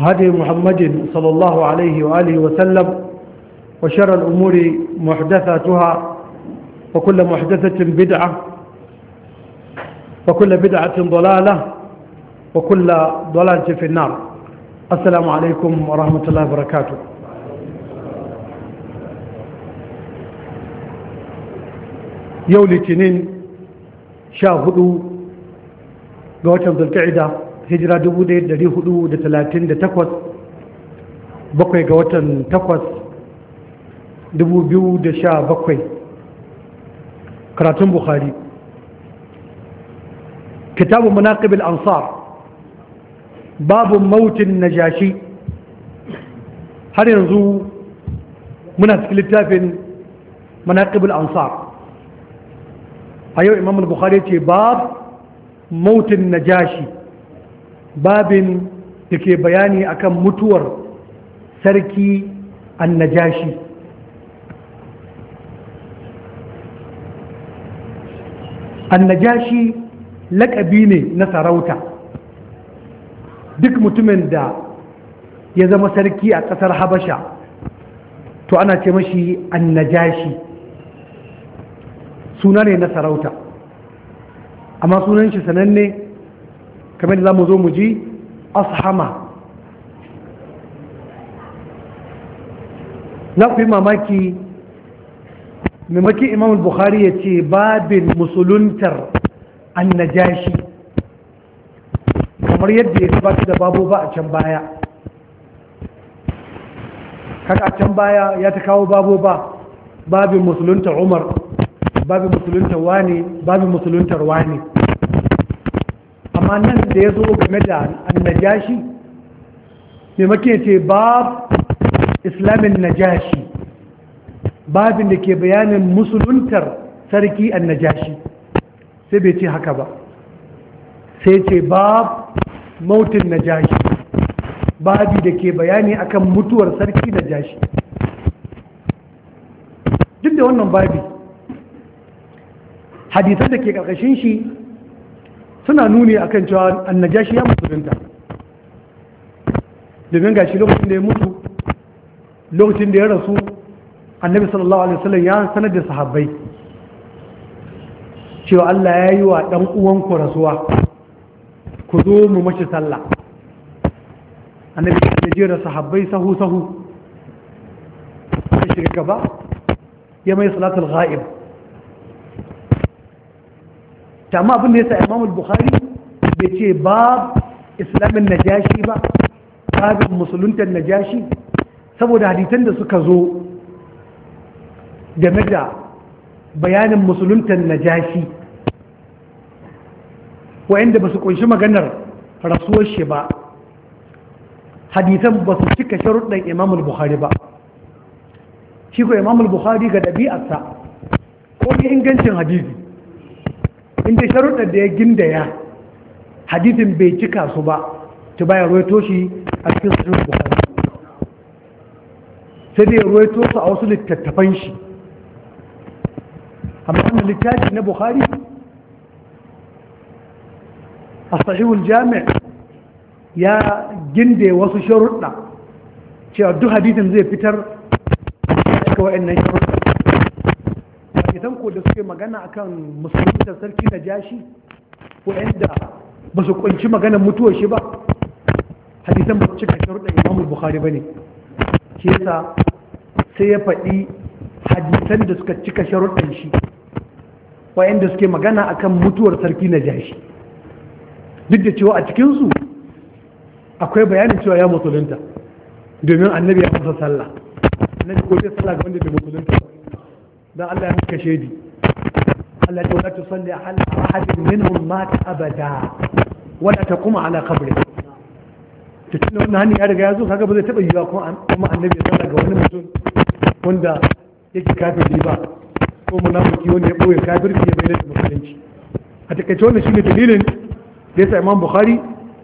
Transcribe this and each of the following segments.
هدي محمد صلى الله عليه وآله وسلم وشر الأمور محدثاتها وكل محدثة بدعة وكل بدعة ضلالة وكل ضلالة في النار السلام عليكم ورحمة الله وبركاته يولي تنين شاهدوا قوة ذو القعده hijira 1438 bakwai ga watan 8 2017 karatun bukhari kitabu munaqib ansar babu mautin najashi har yanzu muna cikin littafin munaqib ansar a yau imam al-bukhari ce bab mautin najashi babin da ke bayani akan mutuwar sarki annajashi annajashi lakabi ne na sarauta duk mutumin da ya zama sarki a ƙasar habasha to ana ce mashi annajashi suna ne na sarauta amma sunan shi sananne kamar da za mu zo mu ji ashama na ku yi mamaki mamaki imam bukhari ya ce babin musuluntar annajashi kamar yadda ya sabata da babu ba a can baya kaka a can baya ya ta kawo babu ba babin musuluntar umar babin musuluntar wani babin musuluntar wani amma nan da ya zo game da annajashi maimakon ce bab islamin najashi babin da ke bayanin musuluntar sarki annajashi sai bai ce haka ba sai ce bab mautin najashi babi da ke bayani akan mutuwar sarki najashi duk da wannan babi hadisan da ke karkashin shi suna nuni a kan cewa annajashi ya musulunta domin gashi lokacin da ya mutu lokacin da ya rasu annabi sallallahu alaihi wasallam ya sanar da sahabbai cewa Allah ya yi wa ɗan uwanku rasuwa ku zo mu mashi sallah annabi ya jera sahabbai sahu sahu ya shiga gaba ya mai salatul ghaib ta ma abin da ya sa imam bukhari bai ce ba islamin najashi ba babin musuluntar najashi saboda haditan da suka zo game da bayanin musuluntar najashi wa'anda ba su kunshi maganar rasuwar shi ba hadisan ba su cika sharuɗin imam bukhari ba shi ko imam bukhari ga ɗabi'arsa ko ingancin hadisi In inda sharuɗar da ya gindaya hadisin bai cika su ba ta baya ruwaito shi a cikin sunan bukari sai dai ruwaito su a wasu littattafan shi amma wannan littafi na bukari a sahihul jami' ya ginde wasu sharuɗa cewa duk hadisin zai fitar da wa'annan sharuɗa munafikan ko da suke magana akan musulmi da sarki na jashi yadda ba su kunci maganar mutuwar shi ba hadisan ba su cika sharuɗin imamu bukhari ba ne ke sa sai ya faɗi hadisan da suka cika sharuɗin shi yadda suke magana akan mutuwar sarki na jashi duk da cewa a cikinsu akwai bayanin cewa ya musulunta domin annabi ya musa sallah annabi ko sai sallah ga wanda bai musulunta ba dan Allah ya muka shaidi Allah ya wata salli a halin ahadin minhum mata abada wala ta kuma ala kabri ta tuna wannan hannun ya riga ya zo kaga ba zai taɓa yiwa kuma annabi ya sallah ga wani mutum wanda yake kafiri ba ko munafiki wanda ya ɓoye kafirci ya bayyana musulunci a takaice wannan shine dalilin da yasa imam bukhari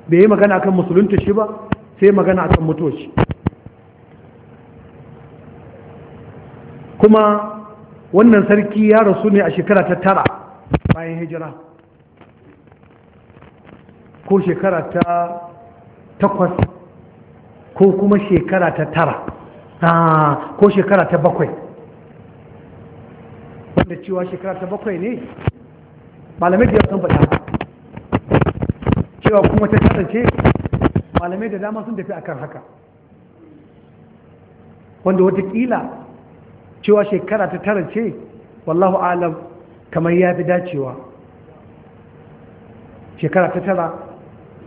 bai yi magana akan musulunta shi ba sai magana akan mutuwa shi kuma wannan sarki ya rasu ne a shekara ta tara bayan hijira ko shekara ta takwas ko kuma shekara ta tara ko shekara ta bakwai wanda cewa shekara ta bakwai ne malamai da sun bata cewa kuma ta kasance malamai da dama sun tafi akan haka wanda watakila cewa shekara ta tara ce wallahu alam kamar ya fi dacewa shekara ta tara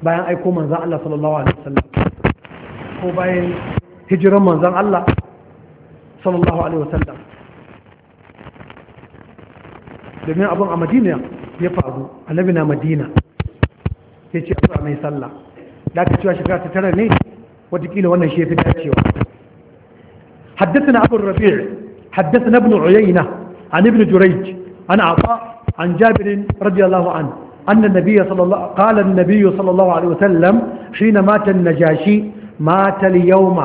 bayan aiko manzan Allah sallallahu alaihi wasallam ko bayan hijiran manzan Allah sallallahu alaihi wasallam domin abin a madina ya faru annabi na madina ya ce a mai sallah da aka cewa shekara ta tara ne watakila wannan shi ya fi dacewa حدثنا أبو الربيع حدثنا ابن عيينة عن ابن جريج عن عطاء عن جابر رضي الله عنه أن النبي صلى الله قال النبي صلى الله عليه وسلم حين مات النجاشي مات اليوم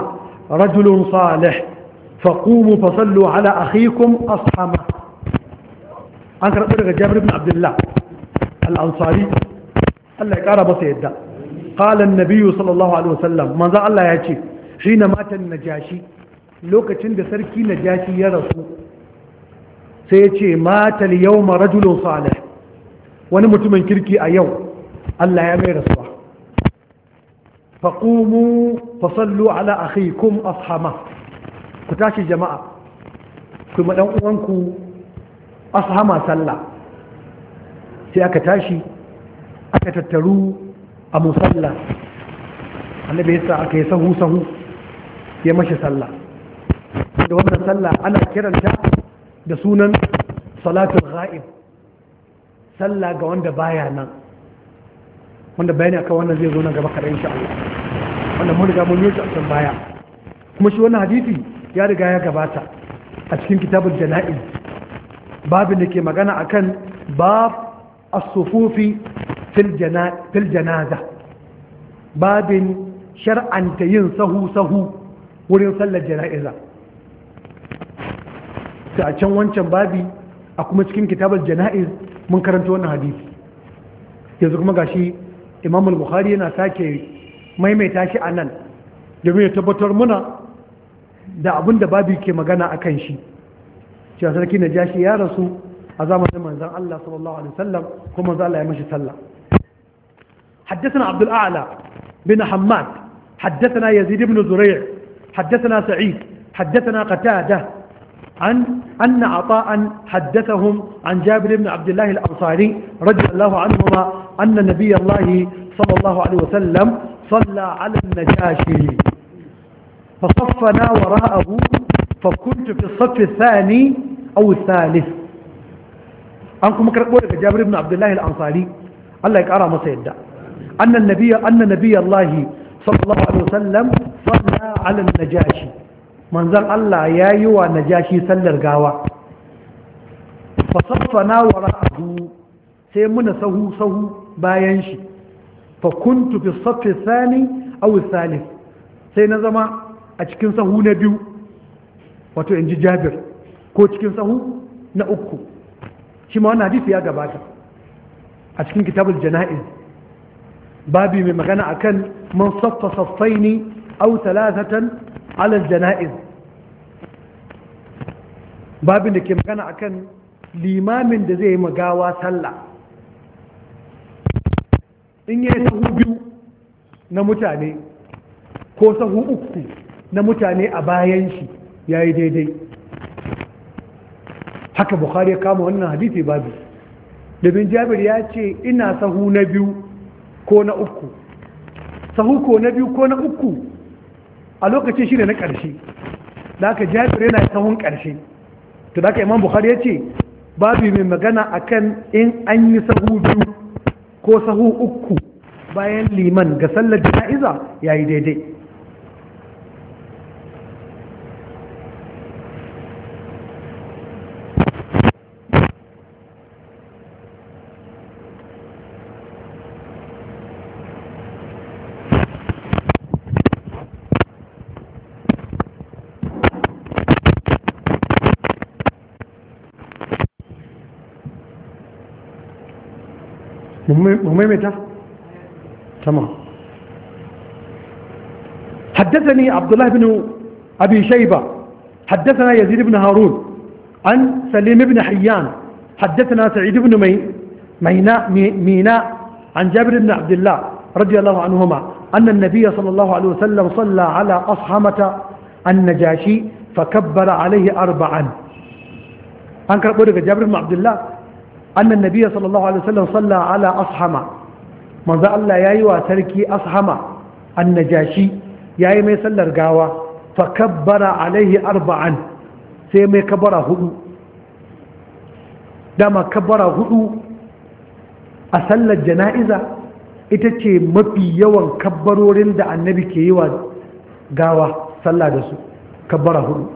رجل صالح فقوموا فصلوا على أخيكم أصحمه أنك رأيك جابر بن عبد الله الأنصاري الله يقرأ بس يدى قال النبي صلى الله عليه وسلم ماذا الله يأتي حين مات النجاشي lokacin da sarki najashi ya rasu sai ya ce matal yau rajulun salih wani mutumin kirki a yau Allah ya mai rasuwa faqumu fasallu ala akhikum ashama ku tashi jama'a ku ma dan uwanku ashama sallah sai aka tashi aka tattaru a musalla annabi yasa aka yi sahu sahu ya mashi sallah da wannan sallah ana kiranta da sunan salatul ghaib sallah ga wanda baya nan wanda bayani akan wannan zai zo nan gaba kaɗan insha Allah wanda mun riga mun yi a can baya kuma shi wannan hadisi ya riga ya gabata a cikin kitabul jana'iz babin da ke magana akan bab as-sufufi fil janaza babin shar'anta yin sahu sahu wurin sallar jana'iza karanta a can wancan babi a kuma cikin kitabar jana'iz mun karanta wannan hadisi yanzu kuma gashi imam al-bukhari yana sake maimaita shi a nan domin ya tabbatar muna da abin da babi ke magana a kan shi cewa sarki na jashi ya rasu a zamanin manzan Allah sallallahu alaihi wasallam kuma manzan Allah ya mashi sallah حدثنا عبد الأعلى بن حماد حدثنا يزيد بن زريع حدثنا سعيد حدثنا قتادة عن أن عطاء حدثهم عن جابر بن عبد الله الأنصاري رضي الله عنهما أن نبي الله صلى الله عليه وسلم صلى على النجاشي فصفنا وراءه فكنت في الصف الثاني أو الثالث أنكم كرقوا لك جابر بن عبد الله الأنصاري الله يكرى ما سيدا أن النبي, أن نبي الله صلى الله عليه وسلم صلى على النجاشي manzan Allah ya yi wa najashi sallar gawa fasaffana wa ra'adu sai muna sahu sahu bayan shi fa kuntu fi saffi thani sai na zama a cikin sahu na biyu wato inji Jabir ko cikin sahu na uku shi ma hadisi ya gabata a cikin kitabul jana'iz babi mai magana akan man saffa saffaini aw alal jana'iz babin da ke magana akan limamin da zai yi magawa sallah in yi sahu biyu na mutane ko sahu uku na mutane a bayan shi ya yi daidai haka bukhari ya kama wannan hadisi babu dabin jabir ya ce ina sahu na biyu ko na uku sahu ko na biyu ko na uku a lokacin shi ne na ƙarshe da aka jabir yana sahun ƙarshe to da aka imam bukhari ya ce babu mai magana akan in an yi sahu biyu ko sahu uku bayan liman ga sallar jana'iza ya yi daidai mu maimaita tamam حدثني عبد الله بن أبي شيبة حدثنا يزيد بن هارون عن سليم بن حيان حدثنا سعيد بن مي ميناء ميناء عن جابر بن عبد الله رضي الله عنهما أن النبي صلى الله عليه وسلم صلى على أصحمة النجاشي فكبر عليه أربعا أنكر قولك جابر بن عبد الله annan nabiya sallallahu alaihi wasallam salla ala ashama manza Allah ya yi wa sarki ashama annajashi yi mai sallar gawa fa kabbara alaihi arba'an sai mai kabbara hudu dama kabbara hudu a sallar jana'iza ita ce mafi yawan kabarorin da annabi ke yi wa gawa sallah da su kabbara hudu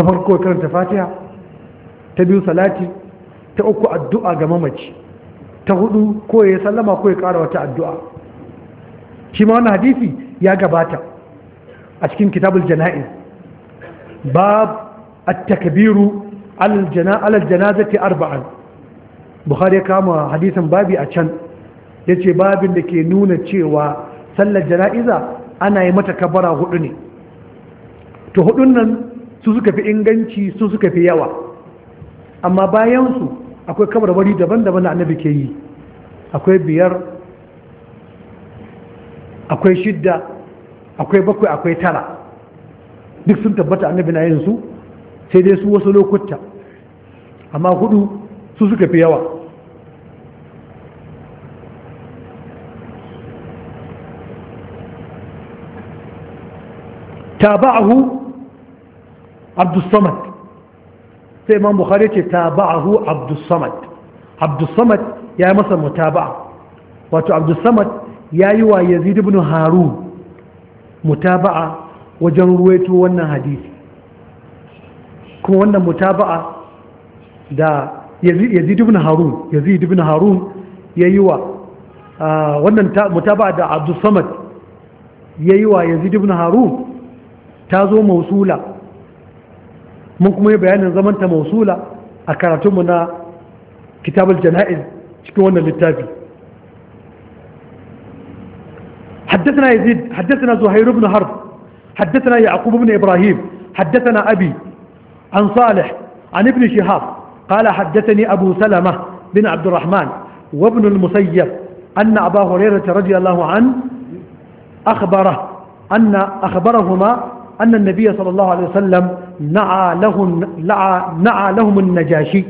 ta farko karanta fatiha ta biyu salati ta uku addu'a ga mamaci ta hudu ko ya sallama ko ya ƙara wata addu'a shi ma hadisi ya gabata a cikin kitabul jana'iz bab at-takbiru alal janazati arba'an bukhari ya kama hadisin babi a can ya ce babin da ke nuna cewa sallar jana'iza ana yi mata kabara hudu ne to hudun nan su suka fi inganci su suka fi yawa amma bayansu akwai kabarwari daban-daban da annabi ke yi akwai biyar akwai shidda akwai bakwai akwai tara duk sun tabbata annabi na yin su sai dai su wasu lokuta amma hudu su suka fi yawa عبد الصمد sai imam bukhari ce tabahu abdus samad abdus samad ya yi masa mutaba'a wato abdus samad ya yi wa yazid ibn harun mutaba'a wajen ruwaito wannan hadisi kuma wannan mutaba'a da yazid ibn harun yazid ibn harun ya yi wa wannan mutaba'a da abdus samad ya yi wa yazid ibn harun ta zo mausula mun kuma yi bayanin zamanta mausula a karatunmu na kitabul jana'iz cikin wannan حدثنا يزيد حدثنا زهير بن حرب حدثنا يعقوب بن إبراهيم حدثنا أبي عن صالح عن ابن شهاب قال حدثني أبو سلمة بن عبد الرحمن وابن المسيب أن أبا هريرة رضي الله عنه أخبره أن أخبرهما أن النبي صلى الله عليه وسلم نعى لهم, نعى لهم النجاشي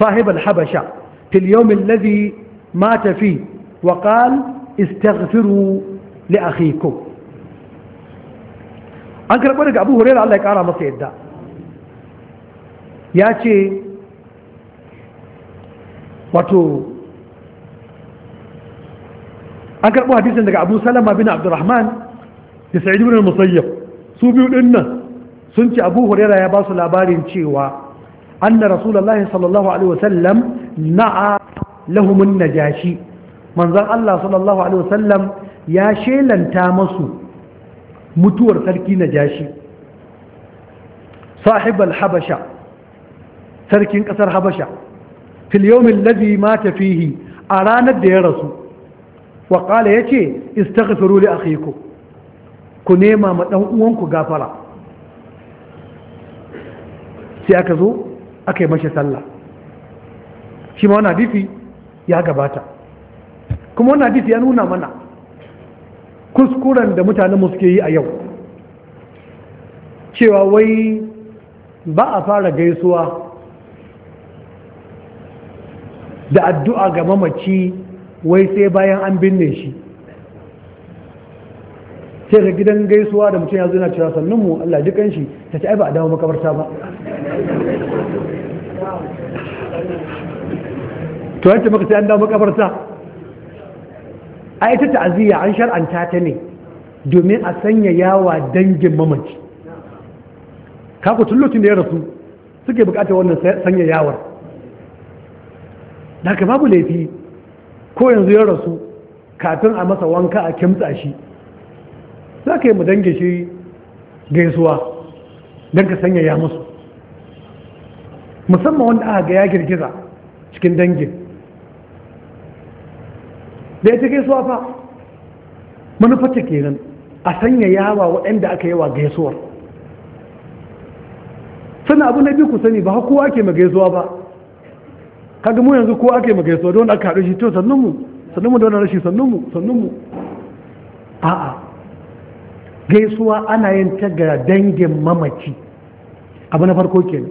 صاحب الحبشة في اليوم الذي مات فيه وقال استغفروا لأخيكم أنك نقول لك أبو هريرة عليك أرى مصير ده ياتي واتو أنك نقول حديثا لك أبو سلمة بن عبد الرحمن يسعدون بن su biyu din nan sun ce abu huraira ya ba su labarin cewa anna rasulullahi sallallahu alaihi wasallam na'a lahumun najashi manzon Allah sallallahu alaihi wasallam ya shelanta masu mutuwar sarki najashi sahib habasha sarkin kasar habasha fil yawmin ma tafihi a ranar da ya rasu wakala ya ce istaghfiru li akhikum ku nema ma ɗan uwanku gafara sai aka zo aka yi mashi sallah shi ma wani hadisi ya gabata kuma wani hadisi ya nuna mana kuskuren da mutanen mu suke yi a yau cewa wai ba a fara gaisuwa da addu'a ga mamaci wai sai bayan an binne shi sai ta gidan gaisuwa da mutum ya zo yana cewa sannan mu Allah ji kanshi ta ce ai ba a dawo makabarta ba to yace maka sai an dawo makabarta a ita ta'aziyya an shar'anta ta ne domin a sanya yawa dangin mamaci ka tun lokacin da ya rasu suke bukatar wannan sanya yawar da haka babu laifi ko yanzu ya rasu kafin a masa wanka a kimtsa shi za ka yi mu dange shi gaisuwa don ka ya musu musamman wanda aka ga ya girgiza cikin dangin da ya ci gaisuwa fa manufarta kenan a sanya yawa waɗanda aka yawa gaisuwar suna abu na biyu ku sani ba kowa ake gaisuwa ba kaga mu yanzu kowa ake gaisuwa don aka haɗu shi to sannun mu sannun mu da wani rashi sannun mu sannun mu a'a gaisuwa ana yin ta ga dangin mamaci abu na farko kenan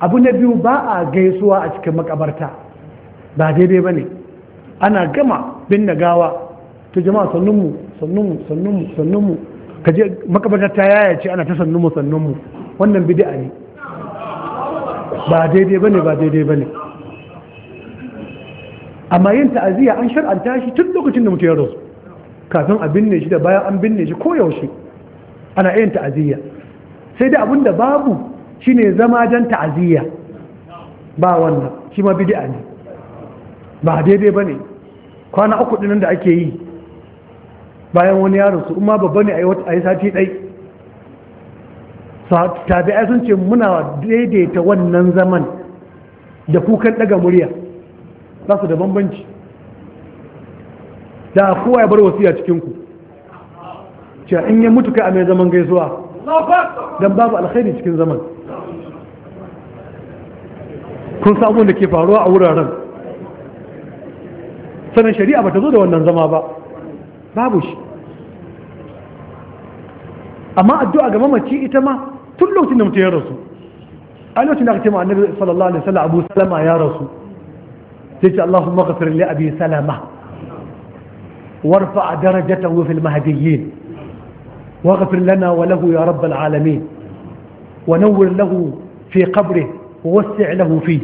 abu na biyu ba a gaisuwa a cikin makabarta ba daidai ba ne ana gama bin na gawa ta jama'a sannunmu sannunmu sannunmu sannunmu ka je makabarta ta yaya ce ana ta sannunmu sannunmu wannan bid'a ne ba daidai ba ne ba daidai ba ne amma yin ta'aziyya an shar'anta shi tun lokacin da mutum ya rasu kafin a binne shi da bayan an binne shi ko yaushe ana yin ta'aziyya sai dai abinda babu shine zama jan ta'aziyya ba wannan shi ma bid'a ne ba daidai bane kwana uku din da ake yi bayan wani yaro su umma babba ne a yi sati ɗai tabi'ai sun ce muna daidaita wannan zaman da kukan ɗaga murya ba su da bambanci da kowa ya bar wasiya cikin ku cewa in ya mutu kai a mai zaman gaisuwa Don babu alkhairi cikin zaman kun samu da ke faruwa a wuraren sanin shari'a ba ta zo da wannan zama ba babu shi amma addu'a ga mamaci ita ma tun lokacin da mutum ya rasu a lokacin da aka ce ma annabi sallallahu alaihi wasallam abu salama ya rasu sai ce allahumma ghafir li abi salama وارفع درجته في المهديين واغفر لنا وله يا رب العالمين ونور له في قبره ووسع له فيه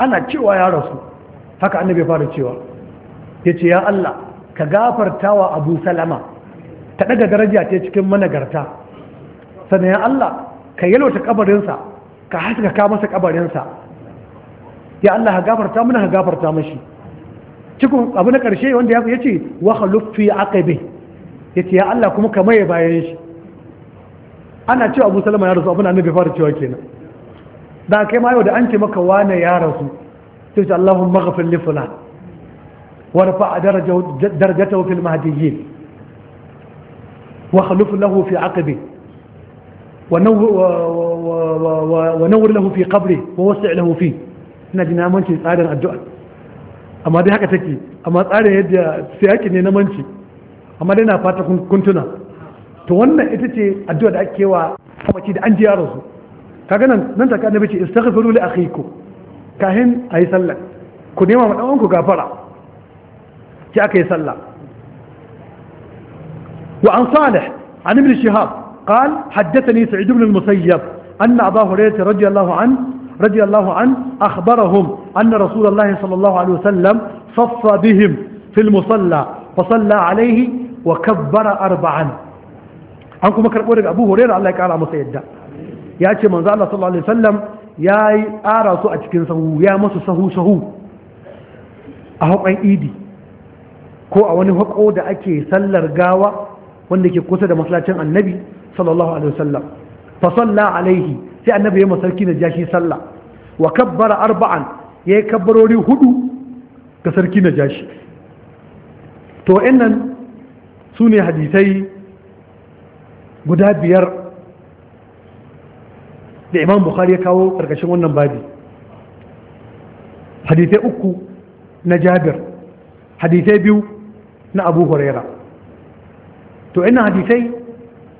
أنا تشوى يا رسول هكا النبي فارد تشوى يتي يا الله كغافر تاوى أبو سلمة تنقى درجة تشكم من قرتا سنة يا الله كيلو تكبر ينسى كحسك كامسك أبر ينسى يا الله هغافر تامنا هغافر تامشي cikin abu na ƙarshe wanda ya ce wa khaluftu ya aqabi yace ya Allah kuma ka maye bayan shi ana cewa Abu Salama ya rasu abin annabi fara cewa kenan da kai ma yau da an ce maka wane ya rasu sai ce Allahumma ghfir li fulan wa rafa darajatahu fil mahdiyyin wa khaluf lahu fi aqbi wa nawwir lahu fi qabri wa wasi' lahu fi ina jina mun tsarin addu'a amma dai haka take amma tsarin yadda siyaki ne na manci amma dai na fata kuntuna to wannan ita ce addu'a da ake wa kamaci da an ji yaro su kaga nan nan ta kana bace istaghfiru li akhikum kahin ayi sallah ku nema ma dan ku gafara ki aka yi sallah wa an salih an ibn shihab قال haddathani sa'id ibn al-musayyab anna abahu رضي radiyallahu an. radiyallahu an akhbarahum anna rasulullahi sallallahu alaihi wasallam saffa bihim fil musalla fa alaihi wa kabbara arba'an an kuma karbo daga Abu Hurairah Allah ya kara masa yadda ya ce manzo sallallahu alaihi wasallam ya yi ƙara su a cikin sahu ya masu sahu sahu a haƙon idi ko a wani haƙo da ake sallar gawa wanda ke kusa da masallacin annabi sallallahu alaihi wasallam fa salla alaihi sai annabi ya sarki na jashi sallah wa kabbara arba'an ya yi kabbarori hudu ga sarki na jashi to wa'annan su ne hadisai guda biyar da imam bukari ya kawo ƙarƙashin wannan babi hadisai uku na jabir hadisai biyu na abu huraira to ina hadisai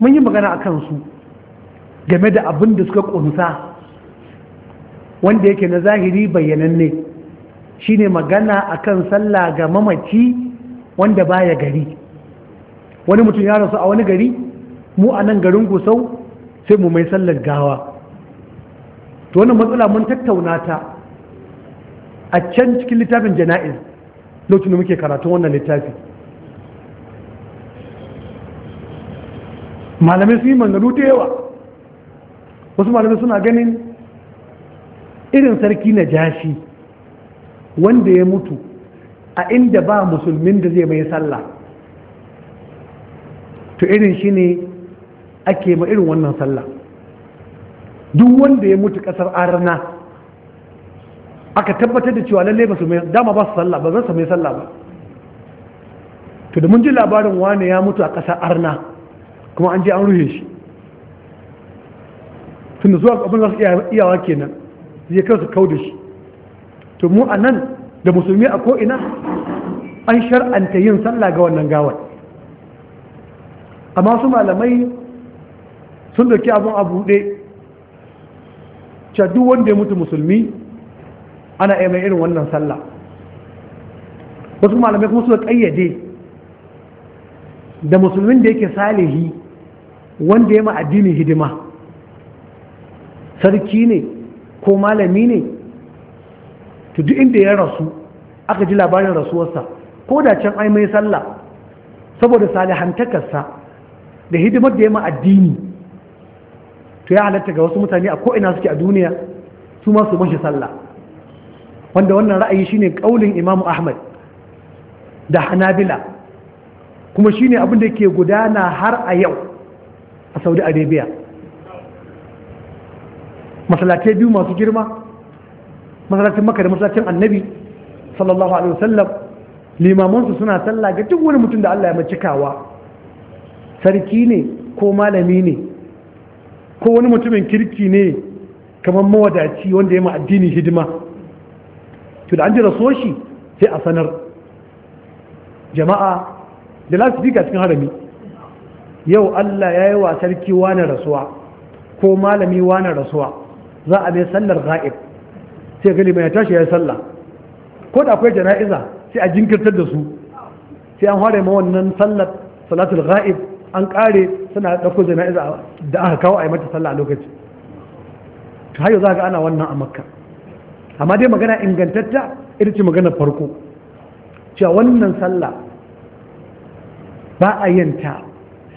mun yi magana a kansu game da abin da suka ƙunsa wanda yake na zahiri bayyananne shine magana akan sallah ga mamaci wanda baya gari wani mutum ya rasu a wani gari mu a nan garin gusau sai mu mai sallar gawa to wani matsala mun tattauna ta a can cikin littafin jana'iz lokacin da muke karatu wannan littafi malamai sun yi manganu ta yawa wasu malamai suna ganin irin sarki na jashi wanda ya mutu a inda ba musulmin da zai mai sallah to irin shi ne ake ma irin wannan sallah duk wanda ya mutu kasar arna aka tabbatar da cewa lallai ba su mai dama ba su sallah ba zan su mai sallah ba to da mun ji labarin wane ya mutu a kasar arna kuma an je an ruhe shi tunda zuwa abin da su iyawa kenan zai kansu kau da shi to mu a nan da musulmi a ko'ina an shar'anta yin sallah ga wannan gawar amma su malamai sun dauki abun a buɗe caddu wanda ya mutu musulmi ana iya mai irin wannan sallah wasu malamai kuma suka ƙayyade da musulmin da yake salihi wanda ya addini hidima sarki ne ko malami ne to duk inda ya rasu aka ji labarin rasuwarsa ko da can ai mai sallah saboda salihantakarsa da hidimar da ya ma addini to ya halatta ga wasu mutane a ko'ina suke a duniya su ma su mashi sallah wanda wannan ra'ayi shine kaulin imamu ahmad da hanabila kuma shine abin da ke gudana har a yau a saudi arabia masallatai biyu masu girma masalacin maka da masalacin annabi sallallahu alaihi wasallam limamansu suna sallah ga duk wani mutum da Allah ya macikawa sarki ne ko malami ne ko wani mutumin kirki ne kamar mawadaci wanda ya ma addini hidima to da an ji raso shi sai a sanar jama'a da za su fika cikin harami yau Allah ya yi wa sarki wani rasuwa ko malami wani rasuwa za a mai sallar ga'ib sai gani mai tashi ya yi sallah ko da akwai jana'iza sai a jinkirtar da su sai an ware ma wannan sallar salatul ga'ib an kare suna ɗauko jana'iza da aka kawo a yi mata sallah a lokaci To hayo za ga ana wannan a makka amma dai magana ingantatta ita ce magana farko cewa wannan sallah ba a yanta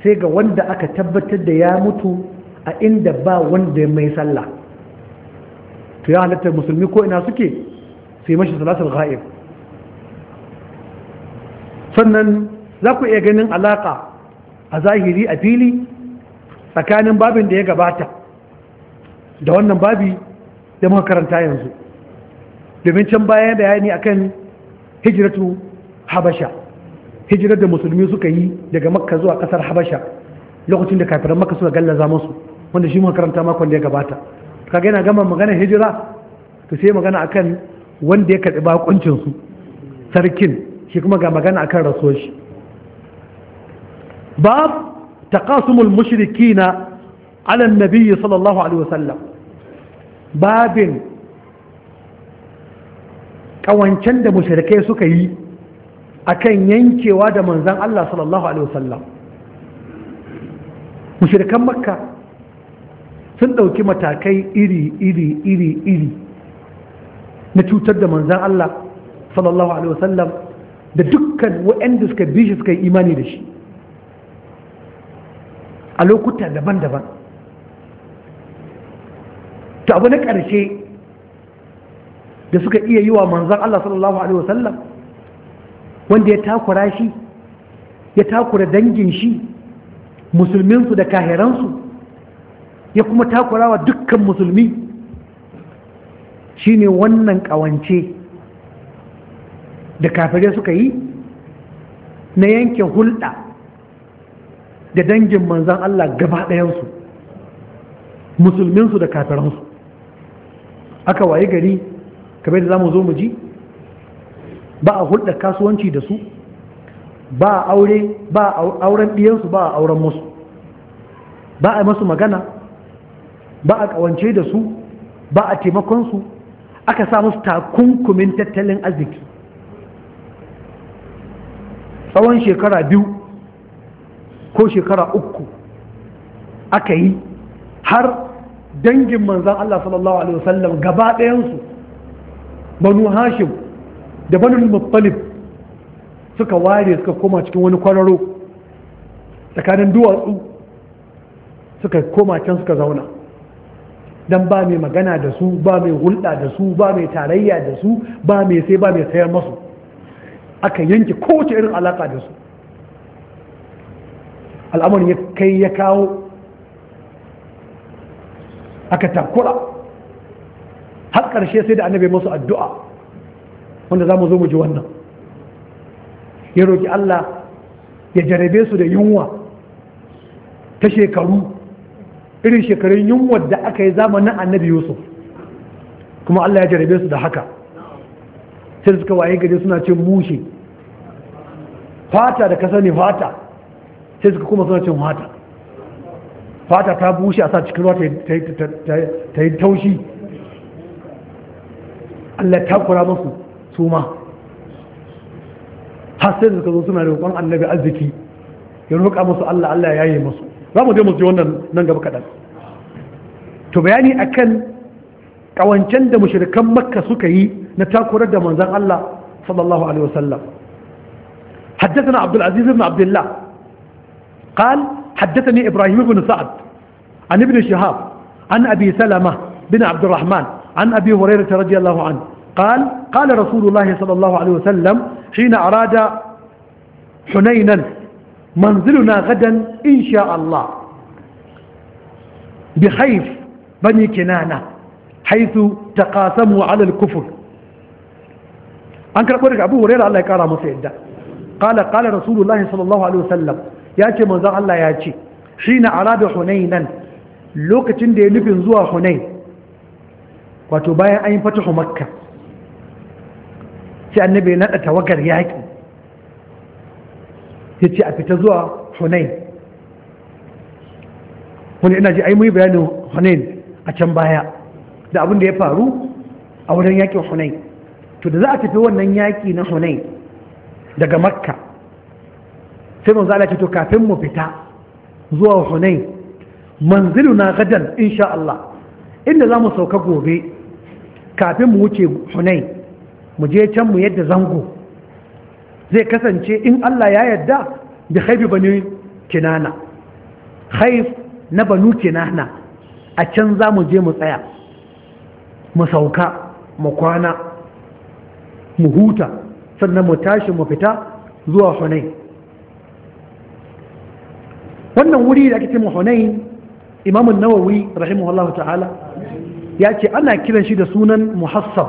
sai ga wanda aka tabbatar da ya mutu a inda ba wanda mai sallah to ya halatta musulmi ko ina suke sai mashi salatul ghaib sannan za ku iya ganin alaka a zahiri a fili tsakanin babin da ya gabata da wannan babi da muka karanta yanzu domin can bayan bayani akan hijiratu habasha hijirar da musulmi suka yi daga makka zuwa kasar habasha lokacin da kafiran makka suka gallaza musu wanda shi muka karanta makon da ya gabata kaga yana gama magana hijira to sai magana akan wanda ya karɓi bakuncin su sarkin shi kuma ga magana akan rasuwar shi bab taqasumul mushrikina ala nabiyyi sallallahu alaihi wasallam babin kawancen da mushrikai suka yi akan yankewa da manzan Allah sallallahu alaihi wasallam mushrikan makka sun ɗauki matakai iri iri iri iri na cutar da manzan Allah sallallahu alaihi wasallam da dukkan waɗanda suka bi shi suka yi imani da shi a lokuta daban-daban ta abu na ƙarshe da suka iya yi wa manzan Allah sallallahu alaihi wasallam wanda ya takura shi ya takura dangin shi musulminsu da kahiransu ya kuma takurawa dukkan musulmi shine wannan ƙawance da kafirai suka yi na yankin hulɗa da dangin manzan Allah gaba ɗayansu musulminsu da kafiransu aka waye gari kamar da za mu zo mu ji ba a hulɗa kasuwanci da su ba a auren ɗiyansu ba a auren musu ba a masu magana ba a ƙawance da su ba a taimakonsu aka sa musu takunkumin tattalin arziki tsawon shekara biyu ko shekara uku aka yi har dangin manzan Allah sallallahu Alaihi wasallam gaba ɗayansu banu hashim da banu muttalib suka ware suka koma cikin wani kwararo tsakanin duwatsu suka koma can suka zauna dan ba mai magana da su ba mai hulɗa da su ba mai tarayya da su ba mai sai ba mai sayar masu aka yanke kowace irin alaƙa da su al'amarin ya kai ya kawo aka takura har ƙarshe sai da annabi masu addu'a wanda za mu zo mu ji wannan ya roƙi Allah ya jarabe su da yunwa ta shekaru irin shekarun yunwar da aka yi zamanin annabi yusuf kuma allah ya jarabe su da haka sai suka waye gari suna cin mushe fata da kasa ne fata sai suka kuma suna cin fata fata ta bushe a sa cikin ruwa ta yi taushi allah ta kura masu su ma har sai suka zo suna da roƙon annabi arziki ya roƙa musu allah allah ya yi masu za mu mu ji wannan nan gaba kaɗan to bayani a kan ƙawancen da mashirikan makka suka yi na takurar da manzan Allah sallallahu alaihi wasallam haddatana abdulaziz ibn abdullah قال حدثني ابراهيم بن سعد عن ابن شهاب عن ابي سلمه بن عبد الرحمن عن ابي هريره رضي الله عنه قال منزلنا غدا إن شاء الله بحيث بني كنانة حيث تقاسموا على الكفر أنكر أقول لك أبو هريرة الله يكرم مسعدة قال قال رسول الله صلى الله عليه وسلم ياتي من ذا الله ياتي حين أراد حنينا lokacin da ya nufin zuwa hunain wato bayan an yi fatahu makka sai annabi ya naɗa tawagar yaƙi ya ce a fita zuwa hunain wani ina ji yi muyi bayanin hunain a can baya da abin da ya faru a wurin yakin hunain to da za a tafi wannan yaki na hunain daga makka sai manzo Allah ce to kafin mu fita zuwa hunain manziluna gadan insha Allah inda za mu sauka gobe kafin mu wuce hunain mu je can mu yadda zango zai kasance in Allah ya yarda da haifi bani kinana haif na banu kinana a can za mu je mu tsaya mu sauka mu kwana mu huta sannan mu tashi mu fita zuwa hunain wannan wuri da ake ce mu hunain imamun nawawi rahimahullahu ta'ala ya ce ana kiran shi da sunan muhassab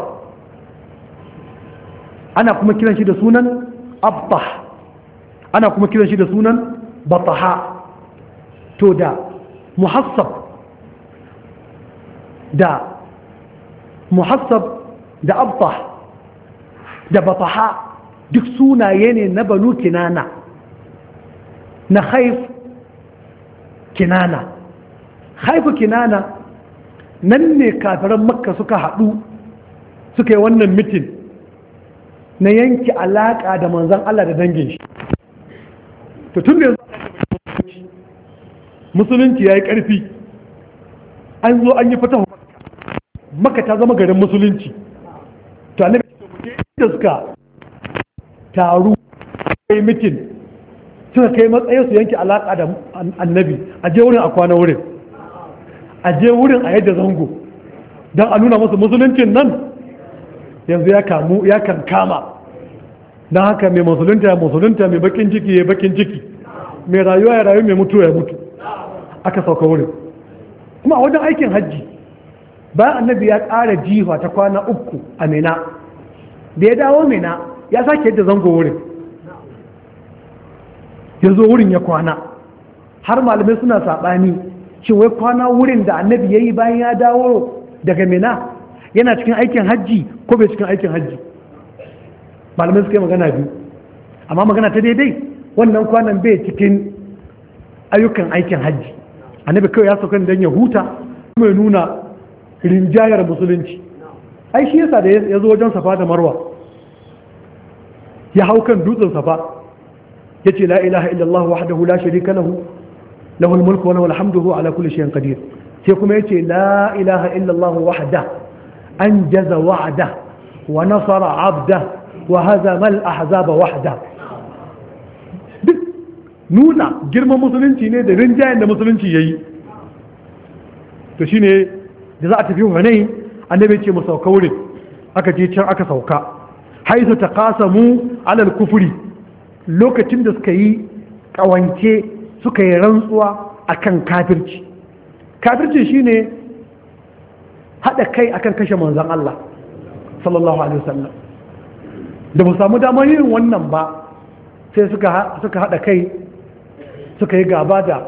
ana kuma kiran shi da sunan abba ana kuma kiran shi da sunan bataha to da muhassab da muhassab da abba da bataha duk sunaye ne na banu kinana na haif kinana haifu kinana nan ne kafiran makka suka haɗu suka yi wannan mitin na yanke alaƙa da manzan Allah da dangin shi to tun da musulunci ya yi ƙarfi an zo an yi fata maka ta zama garin musulunci to da suka taru kai mitin suka kai matsayin su yanke alaƙa da annabi a je wurin a kwana wurin a je wurin a yadda zango don a nuna musu musuluncin nan yanzu ya kamu ya kan kama na haka mai musulunta ya musulunta mai bakin ciki ya bakin ciki mai rayuwa ya rayu mai mutu ya mutu aka sauka wurin kuma a wajen aikin hajji ba annabi ya ƙara jiwa ta kwana uku a mina da ya dawo mina ya sake yadda zango wurin ya zo wurin ya kwana har malamai suna saɓani shin wai kwana wurin da annabi ya yi bayan ya dawo daga mina yana cikin aikin hajji ko bai cikin aikin hajji malamai suka yi magana biyu amma magana ta daidai wannan kwanan bai cikin ayyukan aikin hajji annabi kawai ya sauka don ya huta kuma ya nuna rinjayar musulunci ai shi yasa da ya zo wajen safa da marwa ya hau kan dutsen safa ya ce la ilaha illallah wahdahu la sharika lahu lahul mulku wa lahul hamdu ala kulli shay'in qadir sai kuma ya ce la ilaha illallah wahda أنجز وعده ونصر عبده وهزم الأحزاب وحده duk nuna girman musulunci ne da rinjayen da musulunci ya yi to shine da za a tafi hunain annabi ce mu sauka wurin aka je can aka sauka haisu ta mu alal kufuri lokacin da suka yi kawance suka yi rantsuwa akan kafirci kafirci shine haɗa kai a kan kashe manzan Allah sallallahu alaihi wasallam da ba samu damar yin wannan ba sai suka haɗa kai suka yi gaba da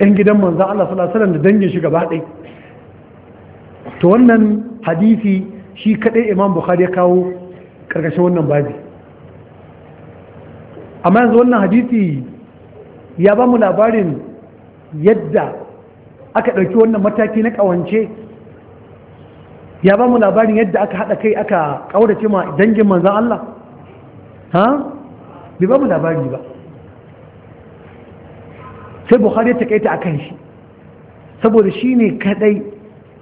'yan gidan manzan Allah sallallahu alaihi wasallam da dangin shi gaba ɗai to wannan hadisi shi kaɗai imam bukhari ya kawo ƙarƙashin wannan babi amma yanzu wannan hadisi ya ba mu labarin yadda aka ɗauki wannan mataki na ƙawance ya ba mu labarin yadda aka haɗa kai aka ƙaurace ma dangin manzan Allah ha bai ba mu labari ba sai buhari ya taƙaita a kan shi saboda shi ne kaɗai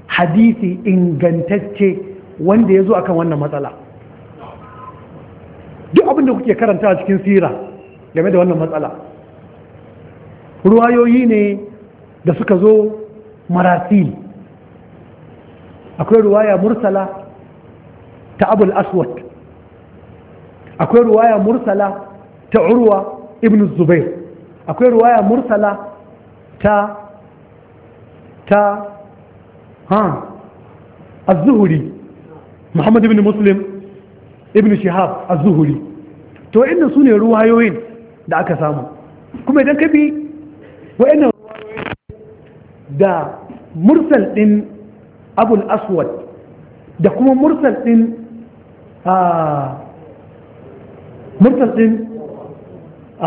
hadisi ingantacce wanda ya zo akan wannan matsala duk abin da kuke karanta cikin sira game da wannan matsala ruwayoyi ne da suka zo marasil akwai ruwaya mursala ta abul aswad akwai ruwaya mursala ta urwa ibn zubair akwai ruwaya mursala ta ta ha az-zuhri muhammad ibn muslim ibn shihab az-zuhri to inda su ne ruwayoyin da aka samu kuma idan ka bi wa'annan da mursal din abul aswad da kuma mursal din a mursal ɗin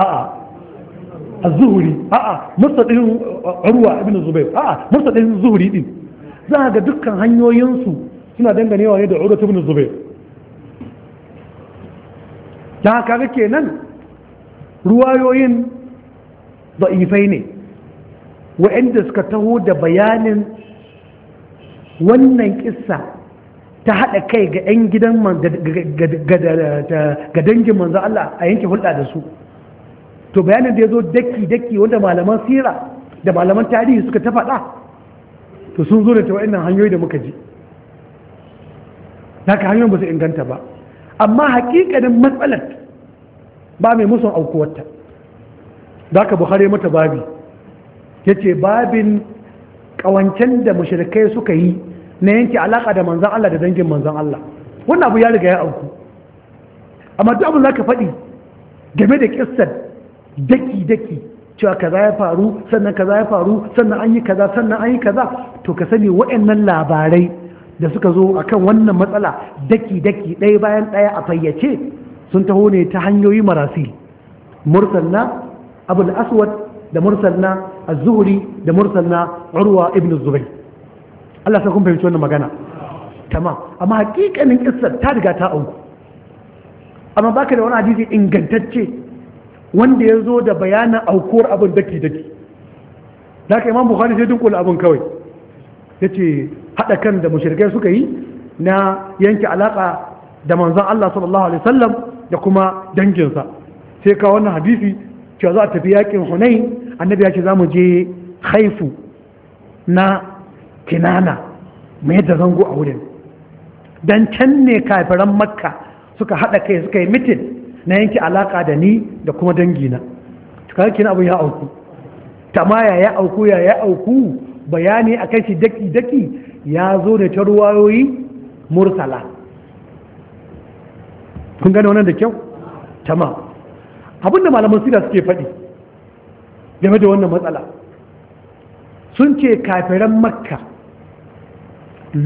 a'a الزهري a'a din urwa ibn zubair a'a din zuhri din za ga dukkan hanyoyin su suna danganewa ne da urwa ibn zubair dan haka kenan ruwayoyin da'ifai ne Wa'inda suka taho da bayanin wannan kissa ta haɗa kai ga 'yan gidan ga dangin manzo Allah a yanke hulɗa da su to bayanin da ya zo daki-daki wanda malaman sira da malaman tarihi suka ta faɗa to sun zo da ta wa'annan hanyoyi da muka ji haka hanyoyin ba su inganta ba amma haƙiƙanin matsalar ba mai musun aukuwarta da aka buhari mata babi Ya ce babin kawancen da mashirikai suka yi na yanke alaƙa da manzan Allah da dangin manzan Allah wannan abu ya riga ya auku amma duk abin zaka faɗi game da kissar daki daki cewa kaza ya faru sannan kaza ya faru sannan an yi kaza sannan an yi kaza to ka sani waɗannan labarai da suka zo a kan wannan matsala daki daki ɗaya bayan ɗaya a fayyace sun taho ne ta hanyoyi marasi mursalna da aswad da mursalna az da Mursana na urwa ibn zubayr Allah sai kun fahimci wannan magana Tama amma hakikanin kissar ta riga ta auku amma baka da wani hadisi ingantacce wanda ya zo da bayanin aukuwar abin daki daki da ka imam bukhari sai dunkula abin kawai yace haɗa kan da mushrikai suka yi na yanke alaƙa da manzon Allah sallallahu da kuma danginsa sai ka wannan hadisi cewa za a tafi yakin hunai. annabi ya ce za mu je haifu na kinana mai da zango a wurin don can ne kafiran makka suka haɗa kai suka yi mitin na yanki alaƙa da ni da kuma dangina tukar na abin ya auku tamaya ya auku ya ya auku bayani a kai shi daki-daki ya zo da ta ruwayoyi mursala kun gane wannan da kyau tamam abinda malaman sira suke faɗi game da wannan matsala sun ce kafiran makka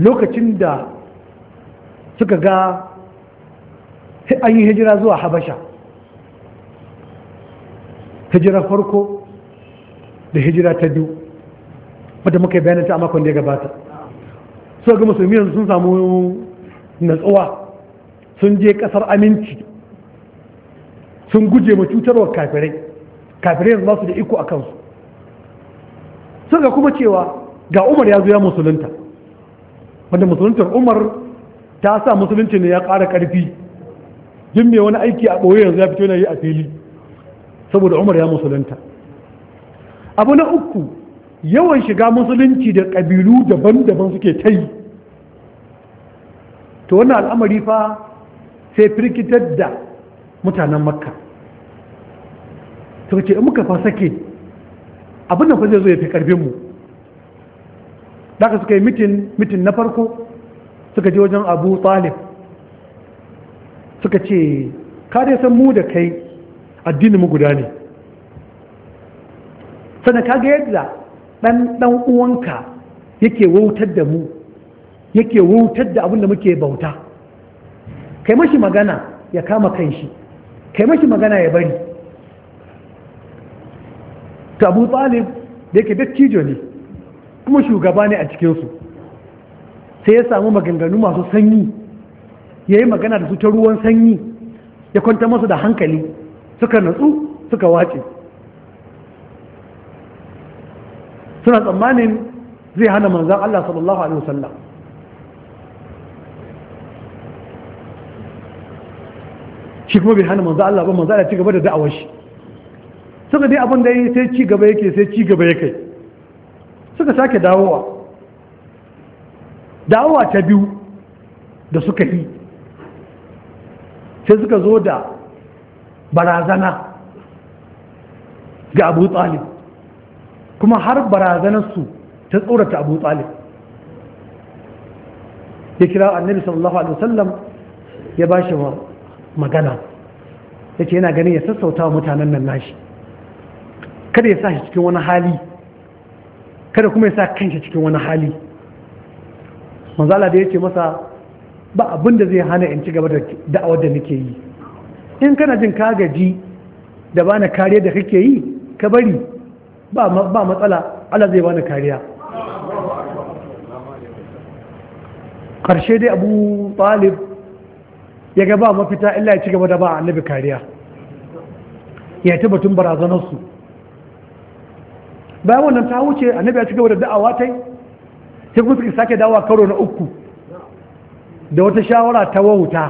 lokacin da suka ga an yi hijira zuwa habasha hijira farko da hijira ta biyu wadda muka bayanin ta a makon da ya gabata su ga musulmi yanzu sun samu natsuwa sun je kasar aminci sun guje mu cutarwar kafirai kafirai yanzu ba su da iko a kansu sun ga kuma cewa ga umar ya zo ya musulunta wanda musuluntar umar ta sa musulunci ne ya ƙara ƙarfi jin mai wani aiki a ɓoye yanzu ya fito na yi a fili saboda umar ya musulunta abu na uku yawan shiga musulunci da ƙabilu daban-daban suke ta yi to wannan al'amari fa sai firkitar da mutanen makka suka ce in muka fa sake abin da fa zai zo ya fi karfin mu daga suka yi mitin mitin na farko suka je wajen abu talib suka ce ka dai san mu da kai addinin mu guda ne sannan ka ga yadda dan dan uwanka yake wautar da mu yake wautar da abin da muke bauta kai mashi magana ya kama kanshi kai mashi magana ya bari to abu tsalib da yake dattijo ne kuma shugaba ne a cikinsu sai ya samu maganganu masu sanyi ya yi magana da su ta ruwan sanyi ya kwanta masu da hankali suka natsu suka wace suna tsammanin zai hana manzan Allah sallallahu Alaihi wasallam shi kuma bai hana manzan Allah ba manzan Allah ci gaba da da'awar shi suka dai abin da ya yi sai ci gaba yake sai ci gaba yake suka sake dawowa dawowa ta biyu da suka yi sai suka zo da barazana ga abu talib kuma har barazanarsu ta tsorata abu talib ya kira annabi sallallahu alaihi wasallam ya ba shi magana ya ce yana ganin ya sassauta wa mutanen nan nashi kada ya sa shi cikin wani hali kada kuma ya sa kanshi cikin wani hali manzala da ya ce masa ba abin da zai hana in ci gaba da da'awar da nake yi in kana jin ka gaji da ba na kariya da kake yi ka bari ba matsala Allah zai bani kariya karshe dai abu talib ya ga ba mafita illa ya ci gaba da ba annabi kariya ya tabbatun barazanarsu bayan wannan ta wuce annabi ya ci gaba da da'awa ta sai kuma suka sake dawa karo na uku da wata shawara ta wauta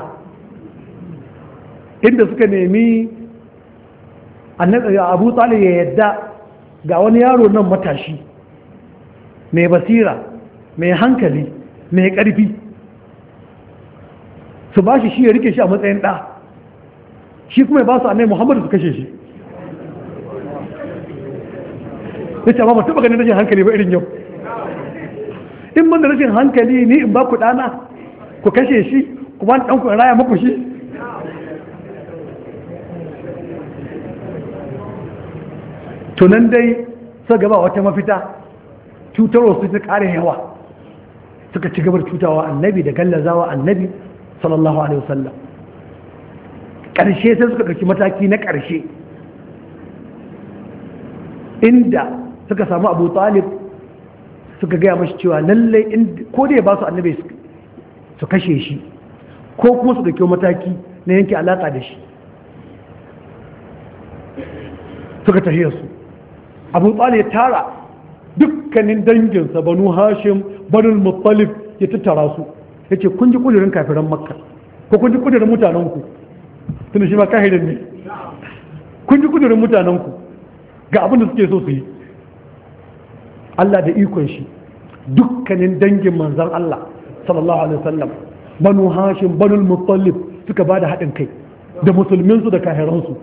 inda suka nemi abu talib ya yadda ga wani yaro nan matashi mai basira mai hankali mai ƙarfi su ba shi shi ya rike shi a matsayin ɗa shi kuma ya ba su annai muhammadu su kashe shi ya ce ba taɓa ganin rashin hankali ba irin yau in man da rashin hankali ni in ba ku ɗana ku kashe shi ku ba ɗan ku raya muku shi tunan dai suka gaba wata mafita cutarwa su ta kare yawa suka ci gabar cutawa annabi da gallazawa annabi sallallahu alaihi wasallam ƙarshe sai suka ɗauki mataki na ƙarshe inda suka samu abu talib suka gaya mashi cewa lallai ko da ya ba su annabi su kashe shi ko kuma su dake mataki na yanke alaƙa da shi suka tafi su abu talib ya tara dukkanin danginsa banu hashim banu muttalib ya tattara su ya ce kun ji kudurin kafiran makka ko kun ji ƙudurin mutanenku tun shi ma kahirin ne kun ji ƙudurin mutanenku ga abin da suke so su yi Allah da ikon shi dukkanin dangin manzan Allah sallallahu alaihi wasallam banu hashim banu muttalib suka ba da haɗin kai da musulminsu da kahiransu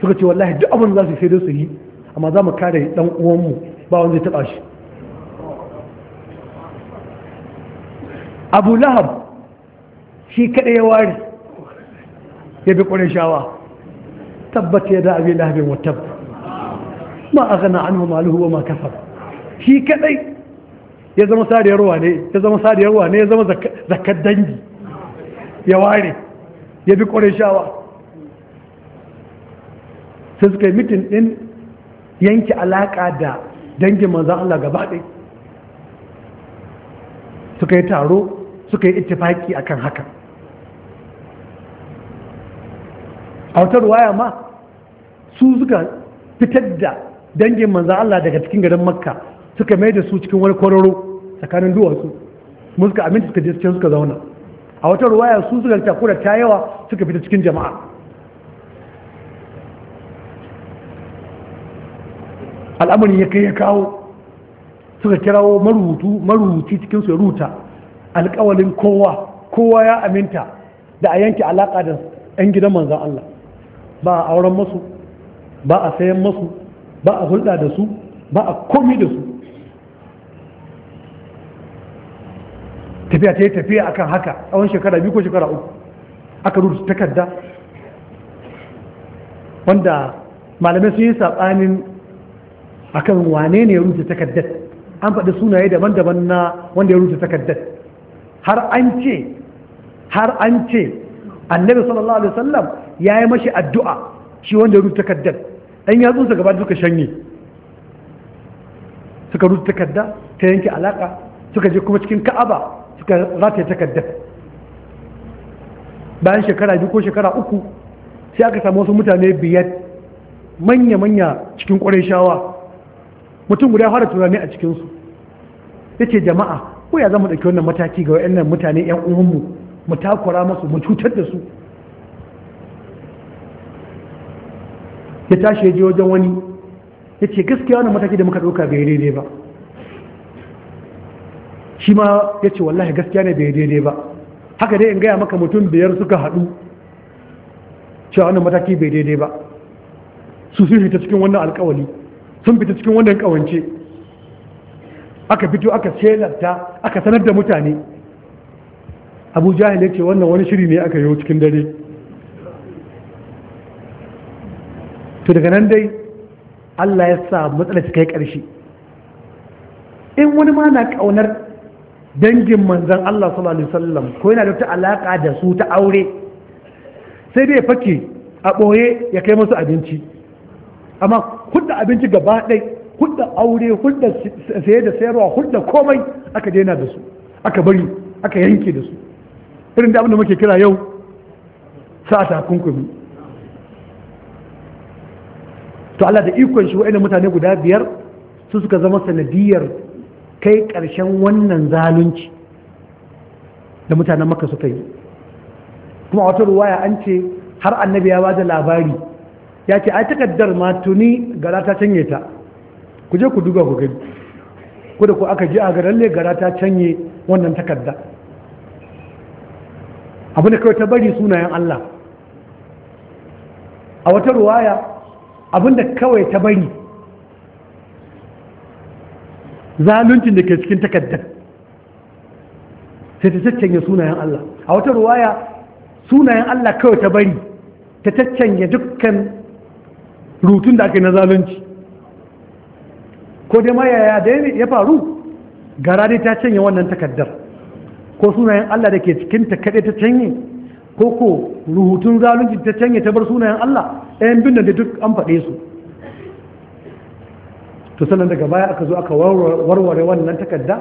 suka ce wallahi duk abin za su sai dai su yi amma za mu kare dan uwanmu ba wanda ya taɓa shi abu lahab shi kaɗai ya ware ya bi ƙwarin shawa tabbata ya da abin lahabin wata ma aghna anhu maluhu wa ma kasaba shi kadai ya zama sariyar ne, ya zama sariyar ne ya zama zakar dangi ya ware ya bi ƙwarishawa sai suka yi mitin ɗin yanke alaƙa da dangin manzan Allah gaba ɗai suka yi taro suka yi ittifaki akan haka a wata ruwaya ma su suka fitar da dangin manzan Allah daga cikin garin makka suka mai da su cikin wani kwararo tsakanin duwatsu muska aminta suka je suka zauna a wata ruwaya su suka takura ta yawa suka fita cikin jama'a al'amarin ya kai ya kawo suka kirawo marubutu marubuci cikin su ya ruta alkawalin kowa kowa ya aminta da a yanke alaƙa da 'yan gidan manzan Allah ba a auren masu ba a sayan masu ba a hulɗa da su ba a komi da su tafiya ta yi tafiya a kan haka tsawon shekara biyu ko shekara uku aka rubuta takarda wanda malamai sun yi saɓanin a kan wane ne ya rubuta takardar an faɗi sunaye daban-daban na wanda ya rubuta takardar har an ce har an ce annabi sallallahu alaihi wasallam ya yi mashi addu'a shi wanda ya rubuta takardar ɗan yatsunsa gaba suka shanye suka rutu takarda ta yanke alaka suka je kuma cikin ka'aba suka rataye takarda bayan shekara biyu ko shekara uku sai aka samu wasu mutane biyar manya-manya cikin ƙwarai shawa mutum guda fara tunani a cikinsu ya ce jama'a ko ya zama ɗauki wannan mataki ga wa'annan mutane 'yan uwanmu mu takura masu mu cutar da su ya tashi ya je wajen wani ya ce gaskiya wani mataki da muka ɗauka bai daidai ba shi ma ya ce wallahi gaskiya ne bai daidai ba haka dai in gaya maka mutum biyar suka haɗu cewa wani mataki bai daidai ba su sun fita cikin wannan alkawali sun fita cikin wannan kawance aka fito aka shelarta aka sanar da mutane abu jahil ya ce wannan wani shiri ne aka yi cikin dare to daga nan dai Allah ya sa matsala ta kai ƙarshe in wani ma na ƙaunar dangin manzan Allah sallallahu alaihi wasallam ko yana da wata alaka da su ta aure sai dai ya fake a ɓoye ya kai masu abinci amma hudda abinci gaba ɗai hudda aure hudda saye da sayarwa hudda komai aka daina da su aka bari aka yanke da su irin da abin da muke kira yau sa takunkumi to Allah da ikon shi wa'annan mutane guda biyar su suka zama sanadiyar kai karshen wannan zalunci da mutanen maka suka yi kuma wata ruwaya an ce har annabi ya bada labari ya ce ai takaddar ma tuni gara ta canye ta ku je ku duba ku gani ku da ku aka ji a ga lalle gara ta canye wannan takadda abu da kawai ta bari sunayen Allah a wata ruwaya abinda kawai ta bari zaluncin da ke cikin takaddar sai ta caccanya sunayen Allah a wata ruwaya sunayen Allah kawai ta bari ta caccanya dukkan rutun da ake na zalunci ko dai ma da ya faru gara dai ta canye wannan takaddar ko sunayen Allah da ke cikin ta ta canye ko ko rutun zalunci ta canye ta bar sunayen Allah ɗayan bin da duk an faɗe su to sannan daga baya aka zo aka warware wannan takarda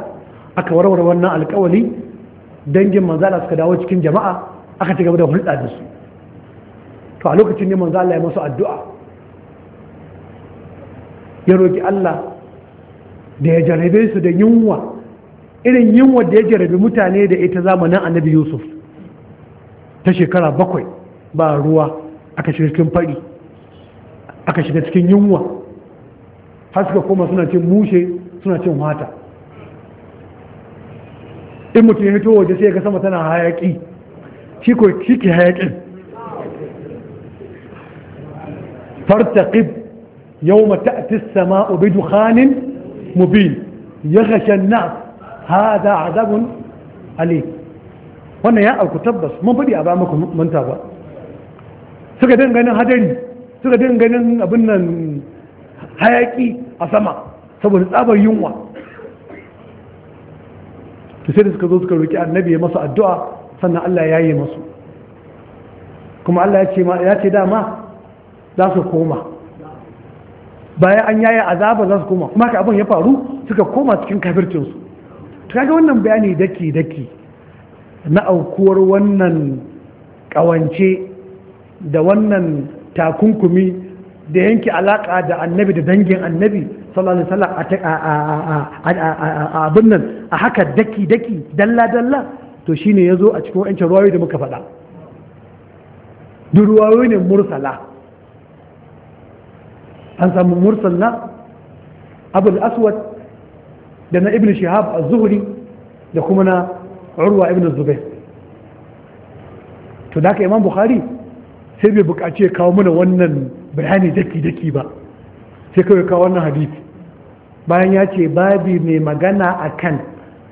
aka warware wannan alkawali dangin manzala suka dawo cikin jama'a aka ci gaba da hulɗa da su to a lokacin ne manzo Allah ya masu addu'a ya roki Allah da ya jarabe su da yunwa irin yunwa da ya jarabe mutane da ita zamanin annabi Yusuf ta shekara bakwai ba ruwa aka shiga cikin fari aka shiga cikin yunwa har suka koma suna cin mushe suna cin mata. in mutum ya fito waje sai ga sama tana hayaki shi ko ciki hayakin fartaqib yawma ta'ti as-sama'u bi dukhanin mubin yaghsha an-nas hada azabun Ali. wannan ya auku tabbas mun fadi a ba muku manta ba suka din ganin hadari suka din ganin abin nan hayaki a sama saboda tsabar yunwa to sai da suka zo suka roki annabi ya masa addu'a sannan Allah ya yi masu kuma Allah ya ce ya ce dama za su koma bayan an yaya azaba za su koma kuma ka abin ya faru suka koma cikin kafircinsu to kaga wannan bayani daki daki na aukuwar wannan ƙawance. da wannan takunkumi da yanke alaƙa da annabi da dangin annabi sallallahu a abin nan a haka daki daki dalla dalla to shine yazo a cikin wancan ruwayoyi da muka faɗa duk ruwayoyi ne mursala an samu mursala na aswad da na ibn shihab a zuhuri da kuma na urwa ibn zubair to da imam bukhari sai bai buƙaci ya kawo mana wannan bayani daki-daki ba sai kawai kawo wannan hadisi bayan ya ce babi mai magana a kan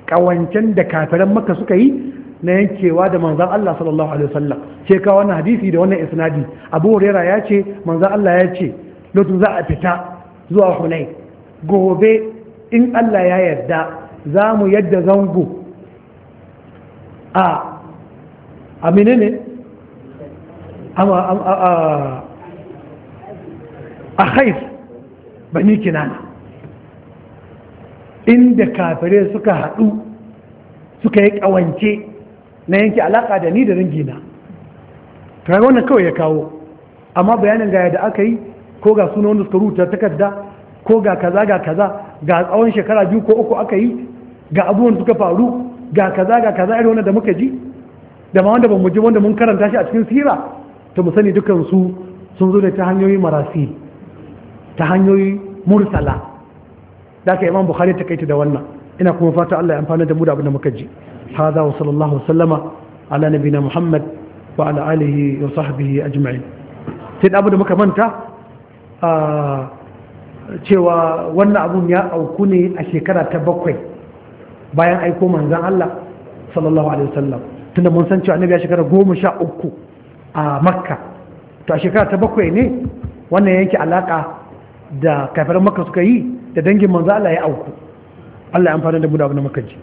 ƙawancen da kafiran maka suka yi na yankewa da manzan Allah sallallahu alaihi wasallam sai kawo wannan hadisi da wannan isnadi abu huraira ya ce manzan Allah ya ce lokacin za a fita zuwa hunai gobe in Allah ya yarda za mu yadda zango a amine ne a haif bani kinana inda kafare suka haɗu suka yi ƙawance na yanke alaƙa da ni da ringina yi wannan kawai ya kawo amma bayanin gaya da aka yi ko ga suna wanda suka rubuta takarda ko ga kaza ga kaza ga tsawon shekara biyu ko uku aka yi ga abubuwan suka faru ga kaza ga kaza irin wanda da muka ji da ma wanda ban mu ji wanda mun karanta shi a cikin sira ta musani dukansu sun zo da ta hanyoyi marasi ta hanyoyi mursala da aka imam bukhari ta kaita da wannan ina kuma fata Allah ya amfana da mu da abin da muka ji hada wa sallallahu sallama ala nabina muhammad wa ala alihi wa sahbihi ajma'in sai da abu da muka manta cewa wannan abun ya auku ne a shekara ta bakwai bayan aiko manzan Allah sallallahu alaihi wasallam tunda mun san cewa annabi ya shekara goma sha uku a makka to a shekara ta bakwai ne wannan yanke alaka da kafin makka suka yi da dangin manzo Allah ya auku Allah ya amfani da buda da abu na makanci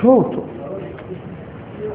to to